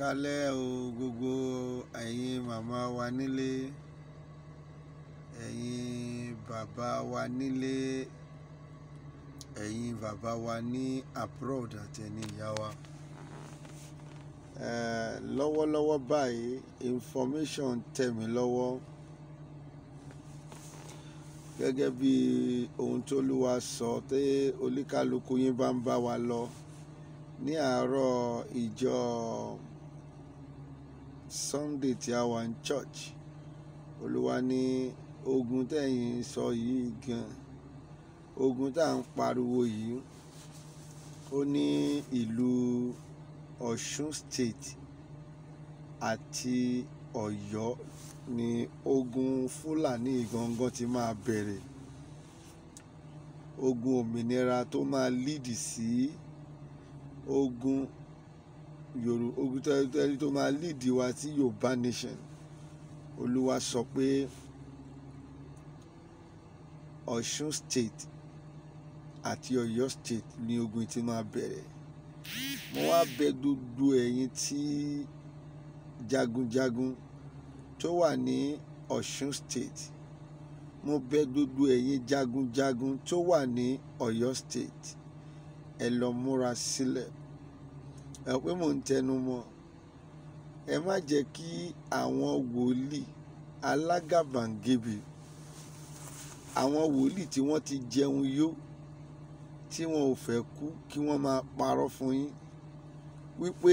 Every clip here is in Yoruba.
kálẹ̀ o gbogbo ẹ̀yin màmá wa nílé ẹ̀yin bàbá wa nílé ẹ̀yin bàbá wa ní abroad àti ẹ̀yin ìyá wa lọ́wọ́lọ́wọ́ báyìí information tẹ̀ mí lọ́wọ́ gẹ́gẹ́ bí ohun tó lúwa sọ tí oníkálukú yín bá ń bá wa lọ ní àárọ̀ ìjọ. Ìjọ sunday tí a wà ní church olúwa ní ogun tẹ̀yìn sọ yìí gan ogun tá à ń pariwo yìí ó ní ìlú ọ̀ṣun state àti ọ̀yọ́ ni ogun fúlàní gangan ti máa bẹ̀rẹ̀ ogun òmìnira tó máa lídì sí ogun yorùbá ẹni tó máa líìdì wa sí yorùbá nation olúwa sọ pé ọ̀ṣun state àti ọ̀yọ́ state ní ogun tí máa bẹ̀rẹ̀ mo wá bẹ gbogbo ẹ̀yin tí jagunjagun tó wà ní ọ̀ṣun state mo bẹ gbogbo ẹ̀yin jagunjagun tó wà ní ọ̀yọ́ state ẹ lọ múra sílẹ̀. Si ẹ pé mò ń tẹnu mọ́ ẹ má jẹ́ kí àwọn wòlíì alágàbàǹgebè àwọn wòlíì tí wọ́n ti jẹun yó tí wọn ò fẹ́ kú kí wọ́n máa parọ́ fún yín wípé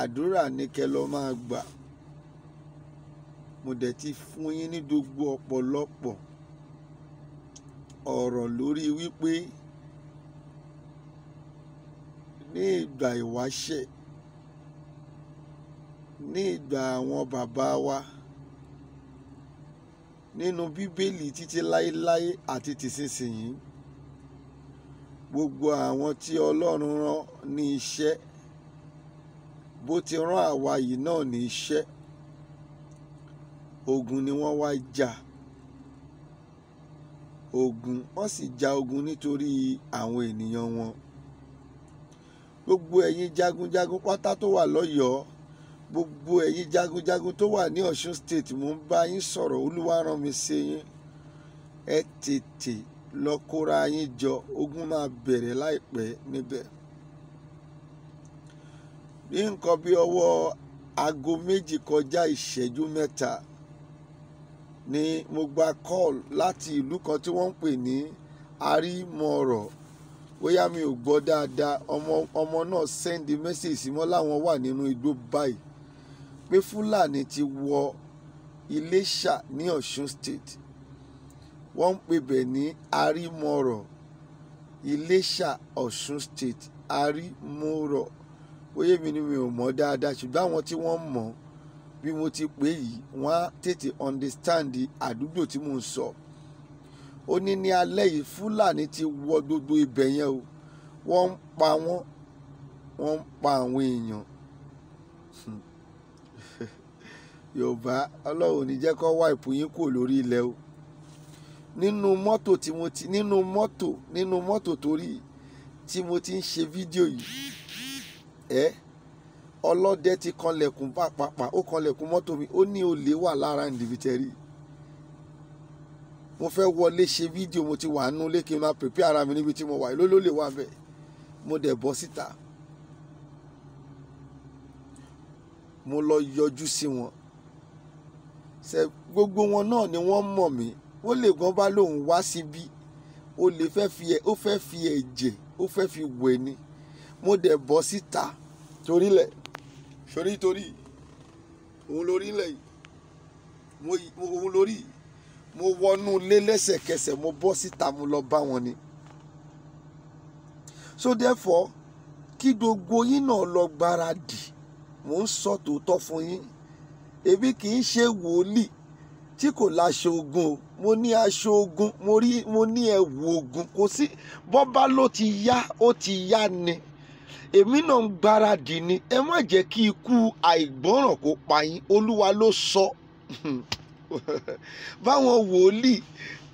àdúrà ní kẹ́ lọ máa gbà mo dẹ̀ ti fún yín ní gbogbo ọ̀pọ̀lọpọ̀ ọ̀rọ̀ lórí wípé ní ìgbà ìwáṣẹ̀ ní ìgbà àwọn bàbá wa nínú bíbélì títí láéláé àti tìsinsìnyí gbogbo àwọn tí ọlọ́run rán ní iṣẹ́ bó ti rán àwa yìí náà ní iṣẹ́ ogun ni wọ́n wá jà ogun wọ́n sì jà ogun nítorí àwọn ènìyàn wọn gbogbo ẹ̀yin jagunjagun pátá tó wà lọ́yọ̀ọ́ gbogbo ẹ̀yin jagunjagun tó wà ní Ọ̀ṣun state mò ń bá yín sọ̀rọ̀ olúwa rán mi sí yín ẹ tètè lọ kóra yín jọ ogun máa bẹ̀rẹ̀ láìpẹ́ níbẹ̀ ní nǹkan bí ọwọ́ aago méjì kọjá ìṣẹ́jú mẹ́ta ni mo gba call láti ìlú kan tí wọ́n ń pè ní arímọ̀rọ̀ bóyá mi ò gbọ́ dáadáa ọmọ ọmọ náà sẹ́ndí mẹ́sì símọ́ láwọn wà nínú igbó báyìí pé fúlàní ti wọ iléṣà ní ọ̀ṣun state wọ́n ń pè bẹ̀ ní arímọ̀rọ̀ iléṣà ọ̀ṣun state arímọ̀rọ̀ bóyá mi ni mi ò mọ̀ dáadáa ṣùgbọ́n àwọn tí wọ́n mọ̀ bí mo ti pè yìí wọ́n á tètè understand àdúgbò tí mò ń sọ. So ó ní ní alẹ́ yìí fúlàní ti wọ gbogbo ibẹ̀ yẹn o wọ́n ń pa wọ́n wọ́n ń pa àwọn èèyàn yorùbá ọlọ́run ní jẹ́ kó wá ìpòyín kò lórí ilẹ̀ o nínú mọ́tò tí mo ti nínú mọ́tò nínú mọ́tò torí tí mo ti ń ṣe fídíò yìí ẹ ọlọ́dẹ ti kanlẹ̀kùn pàápàá ó kanlẹ̀kùn mọ́tò mi ó ní olè wà lára níbi tẹ́rí mo fẹ́ wọlé ṣe fídíò mo ti wà nú lé kí n máa prepare ara mi níbi tí mo wà yìí ló lè wà bẹ́ẹ̀ mo dẹ̀ bọ́ síta mo lọ yọjú sí wọn ṣe gbogbo wọn náà ni wọ́n mọ̀ mí ó lè gan bá lóun wá síbí ó lè fẹ́ fi ẹ̀ ó fẹ́ fi ẹ̀jẹ̀ ó fẹ́ fi wẹ̀ ni mo dẹ̀ bọ́ síta torílẹ̀ sórí torí òun lórí lẹ̀ yìí òun lórí yìí mo wọnú ilé lẹ́sẹ̀kẹsẹ̀ mo bọ́ síta mo lọ bá wọn ni so therefore kí gbogbo yín náà lọ gbáradì mò ń sọ tòótọ́ fún yín èmi kì í ṣe wòlíì tí kò láṣọ ogun o mo ní aṣọ ogun mo rí mo ní ẹ̀wù ogun kò sí bọ́bá ló ti yá ó ti yá ni èmi náà ń gbáradì ni ẹ má jẹ́ kí ikú àìgbọ́ràn kó pa yín olúwa ló sọ. báwọn wòlíì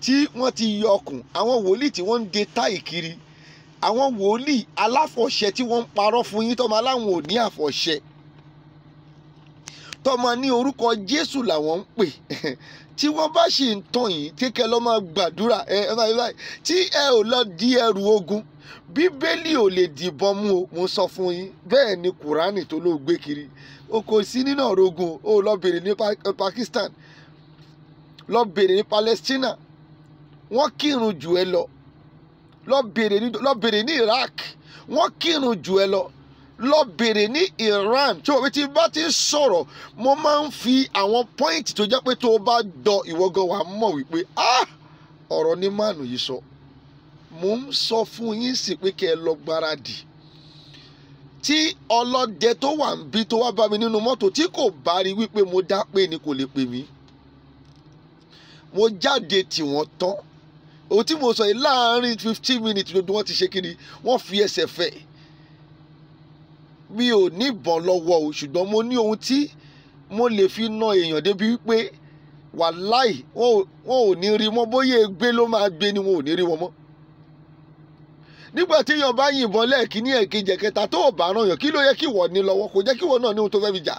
tí wọ́n ti yọ ọkùn àwọn wòlíì tí wọ́n ń de táì kiri àwọn wòlíì aláfọ̀ṣẹ tí wọ́n ń parọ́ fún yín tọ́mọ aláwọn ò ní àfọ̀ṣẹ tọ́mọ ní orúkọ Jésù làwọn ń pè tí wọ́n bá sì ń tàn yín kékeré lọ́ máa gbàdúrà ẹ ẹ máa báyìí tí ẹ ò lọ di ẹrù ogun bíbélì ò lè dìbọn mú o mo sọ fún yín bẹ́ẹ̀ ni kùránì tó ló gbé kiri o kò sí nínú ọ̀rọ̀ ogun o lọ bèrè ní Pakistan lọ bèrè ní Palestina wọ́n kírun jù ẹ lọ lọ bèrè ní Iraq wọ́n kírun jù ẹ lọ lọ bèrè ní Iran tí wọ́n ti bá ti sọ̀rọ̀ mo máa ń fi àwọn pọ́ìntì tó jẹ́ pé tó o bá dọ ìwọ́gàn wa mọ̀ wípé ah ọ̀rọ̀ ní mánu yìí sọ mo ń sọ fún yín sí pé kẹ́ ẹ lọ gbáradì tí ọlọ́dẹ tó wà ń bí tó wá bá mi nínú mọ́tò tí kò bá rí wípé mo dá pé ni kò lè pè mí mo jáde tì wọ́n tán òun tí mo sọ yìí láàárín fifteen minutes ló wọ́n ti ṣe kí ni wọ́n fi ẹsẹ̀ fẹ̀ mi ò ní ìbọn lọ́wọ́ o ṣùgbọ́n mo ní ohun tí mo lè fi na èèyàn débi wípé wàláì wọn ò ní rí mọ́ bóyá egbé ló máa gbé ni wọn ò ní rí wọn mọ́ nígbà tí èèyàn bá yìnbọn lẹ́ẹ̀kí ní ẹ̀kejì ẹ̀kẹta tó ò bá ràn yàn kí ló yẹ kí wọ́n ní lọ́wọ́ kò jẹ́ kí wọ́n náà ní ohun tó fẹ́ fi jà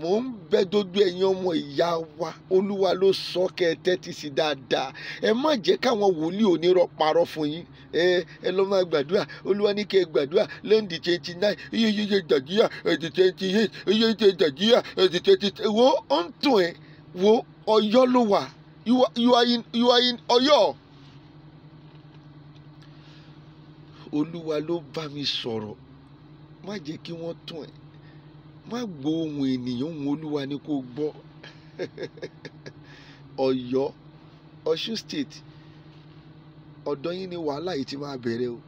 mò ń bẹ dojú ẹ̀yin ọmọ ìyá wa olúwa ló sọ kẹ ẹ tẹ́tí sí dáadáa ẹ má jẹ́ káwọn wòlíì onírọ́ parọ́ fún yín ẹ ẹ lọ́ máa gbàdúrà olúwa ní kẹ́ ẹ gbàdúrà lẹ́ndì twenty nine iye iye gbàdúrà ẹ̀dì twenty eight iye iye gbàdúrà ẹ̀dì twenty wo ó ń tún ẹ wo ọ̀yọ́ ló wà you are in you are in ọ̀yọ́. olúwa ló bá mi sọ̀rọ̀ má jẹ́ kí wọ́n tún ẹ̀ má gbọ́ ohun ènìyàn ohun olúwa ni kó gbọ́ ọ̀yọ́ ọ̀ṣun state ọ̀dọ̀ yín ni wàhálà yìí ti máa bẹ̀rẹ̀ o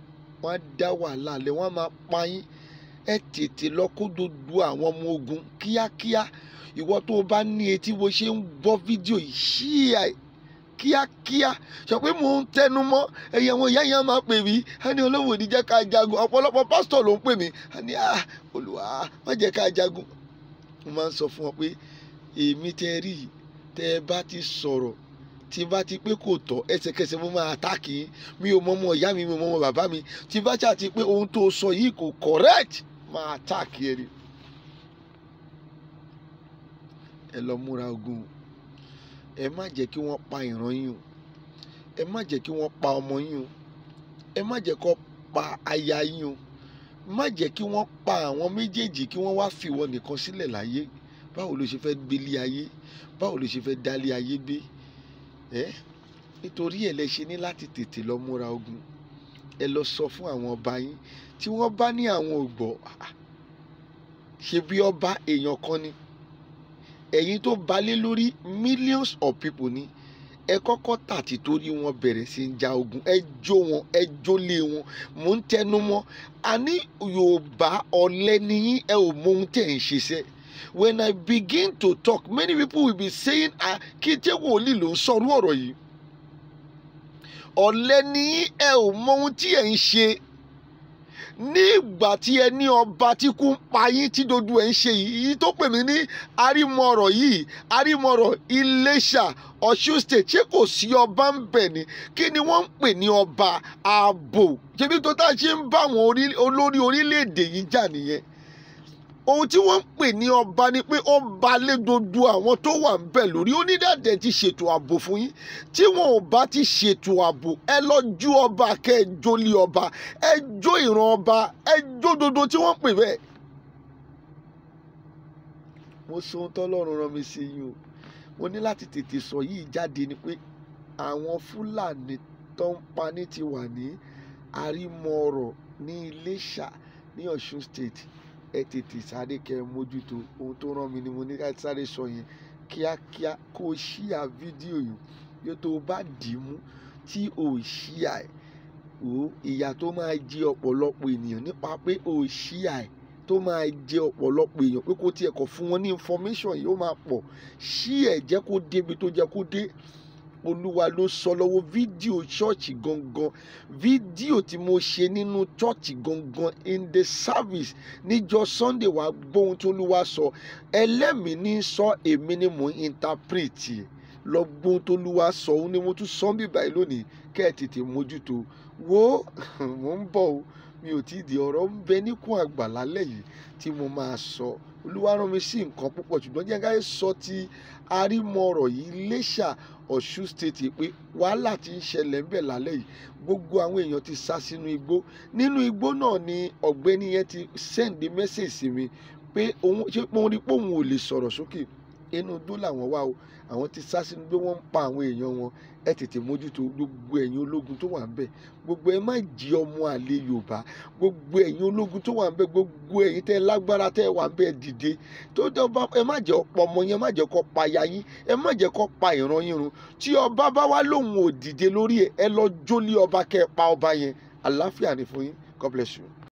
wọ́n á dá wàhálà lẹ̀ wọ́n á máa pa yín ẹ tètè lọ kó àwọn ọmọ ogun kíákíá ìwọ tó o bá ní etí wo ṣe ń gbọ́ fídíò yìí ṣí ẹ kíákíá sọ pé mò ń tẹnu mọ́ ẹ̀yẹ̀ wọn ìyá yẹn máa pè mí á ní olówó ní jẹ́ ká jagun ọ̀pọ̀lọpọ̀ pásítọ̀ ló ń pè mí á ní à ah, olùwà má jẹ́ ká jagun mo máa ń sọ fún wọn pé èmi tẹ rí i tẹ bá ti sọ̀rọ̀ tí bá ti pé kò tọ́ ẹsẹ̀kẹsẹ̀ mo máa àtàkì mi ò mọ ìyá mi mi ò mọ ọmọ bàbá mi tí bá ṣáà ti pé ohun tó sọ yìí kò correct máa àtàkì ẹ ni ẹ lọ múra ogun o ẹ má jẹ́ kí wọ́n pa ìran yín o ẹ má jẹ́ kí wọ́n pa ọmọ yín o ẹ má jẹ́ kó pa aya yín o má jẹ́ kí wọ́n pa àwọn méjèèjì kí wọ́n wá fìwọ nìkan sílẹ̀ láyé báwo ló ṣe fẹ́ gbélé ayé báwo ló ṣe fẹ́ dálé ayé gbé ẹ nítorí ẹ lẹ ṣe ní láti tètè lọ múra ogun ẹ lọ sọ fún àwọn ọba yín tí wọ́n bá ní àwọn ò gbọ́ ṣe bí ọba èèyàn kan ni ẹ̀yin tó balẹ̀ lórí millions of people ni ẹ kọ́kọ́ tà tí torí wọn bẹ̀rẹ̀ sí í ja ogun ẹ jó wọn ẹ jólé wọn mò ń tẹnu mọ́ a ní Yorùbá ọ̀lẹ nìyín ẹ ò mọ ohun tẹ̀ ń ṣiṣẹ́ when I begin to talk many people will be saying ah kí n tẹ́ wòlíì ló ń sọ̀rọ̀ ọ̀rọ̀ yìí ọ̀lẹ nìyín ẹ ò mọ ohun tí ẹ̀ ń ṣe ní ìgbà tí ẹ ní ọba tí kú ń pa yín tí dodo ẹ̀ ń ṣe yìí tó pè mí ní arímọ̀rọ̀ yìí arímọ̀rọ̀ Iléṣà Ọ̀ṣun state ṣé kò sí ọba ń bẹ̀ ni kí ni wọ́n ń pè ní ọba ààbò ṣebí tó tá a ṣe ń bá àwọn olórí orílẹ̀-èdè yìí jà nìyẹn ohun tí wọ́n ń pè ní ọba ni pé ó ba lé gbogbo àwọn tó wà ń bẹ̀ lórí ó ní dàdẹ̀ ti ṣètò ààbò fún yín tí wọn ò bá ti ṣètò ààbò ẹ lọ ju ọba kẹ́ ẹ jó lé ọba ẹ jó ìran ọba ẹ jó dodo tí wọ́n pè bẹ́ẹ̀. mo sọ ohun tọ́lọ́run rán mi sí yín o mo ní láti tètè sọ yìí jáde ni pé àwọn fúlàní tó ń pa ní ti wà ní àrímọ̀ọ́rọ̀ ní Iléṣà ní Ọ̀ṣun state ẹ tètè sáré kẹ mójútó ohun tó rán mi ni mo ní láti sáré sọ yẹn kíákíá kó o ṣíà fídíò yìí yóò tó o bá dì í mú tí o ṣíà ẹ̀ o ìyà tó máa jẹ ọ̀pọ̀lọpọ̀ ènìyàn nípa pé o ṣíà ẹ̀ tó máa jẹ ọ̀pọ̀lọpọ̀ èèyàn pé kó tiẹ̀ kọ̀ fún wọn ní information yìí ó máa pọ̀ ṣí ẹ̀ jẹ́ kó débi tó jẹ́ kó dé olúwa ló sọ lọ́wọ́ fídíò ṣọ́ọ̀ṣì gangan fídíò tí mo ṣe nínú ṣọ́ọ̀ṣì gangan in the service níjọ́ sunday wàá gbóhun tó olúwa sọ ẹlẹ́mìí ní sọ èmi ni mò ń interpret lọ gbóhun tó olúwa sọ òun ni mo tún sọ bíbáyìí lónìí kẹ́ ẹ̀ tètè mójútó wo mò ń bọ̀ o mi ò tí ì di ọ̀rọ̀ ń bẹ níkùn àgbà lálẹ́ yìí tí mo máa sọ olúwa rán mi sí nǹkan púpọ̀ ṣùgbọ́n jẹ́ ká sọ ti arímọ̀ọ̀rọ̀ yìí Iléṣà Ọ̀ṣun state pé wàhálà ti ń ṣẹlẹ̀ ń bẹ lálẹ́ yìí gbogbo àwọn èèyàn ti sá sínú igbó nínú igbó náà ni ọ̀gbẹ́ni yẹn ti send message sí mi pé òun ṣé mo rí pé òun ò lè sọ̀rọ̀ sókè inú igbó làwọn wà o àwọn ti sá sínú igbó wọ́n ń pa àwọn èèyàn wọn ẹ tètè mójútó gbogbo ẹ̀yin ológun tó wà ń bẹ̀ gbogbo ẹ má jí ọmọ àlè yorùbá gbogbo ẹ̀yin ológun tó wà ń bẹ̀ gbogbo ẹ̀yin tẹ́ lágbára tẹ́ wà ń bẹ̀ dìde tó dọ́ba ẹ má jẹ́ ọ̀pọ̀ ọmọ yẹn ẹ má jẹ́ kó pa ya yín ẹ má jẹ́ kó pa ìran yín run tí ọba bá wá lóun ò lórí ẹ ẹ lọ jólé ọba kẹ́ pa ọba yẹn àlàáfíà ni fún yín God bless you.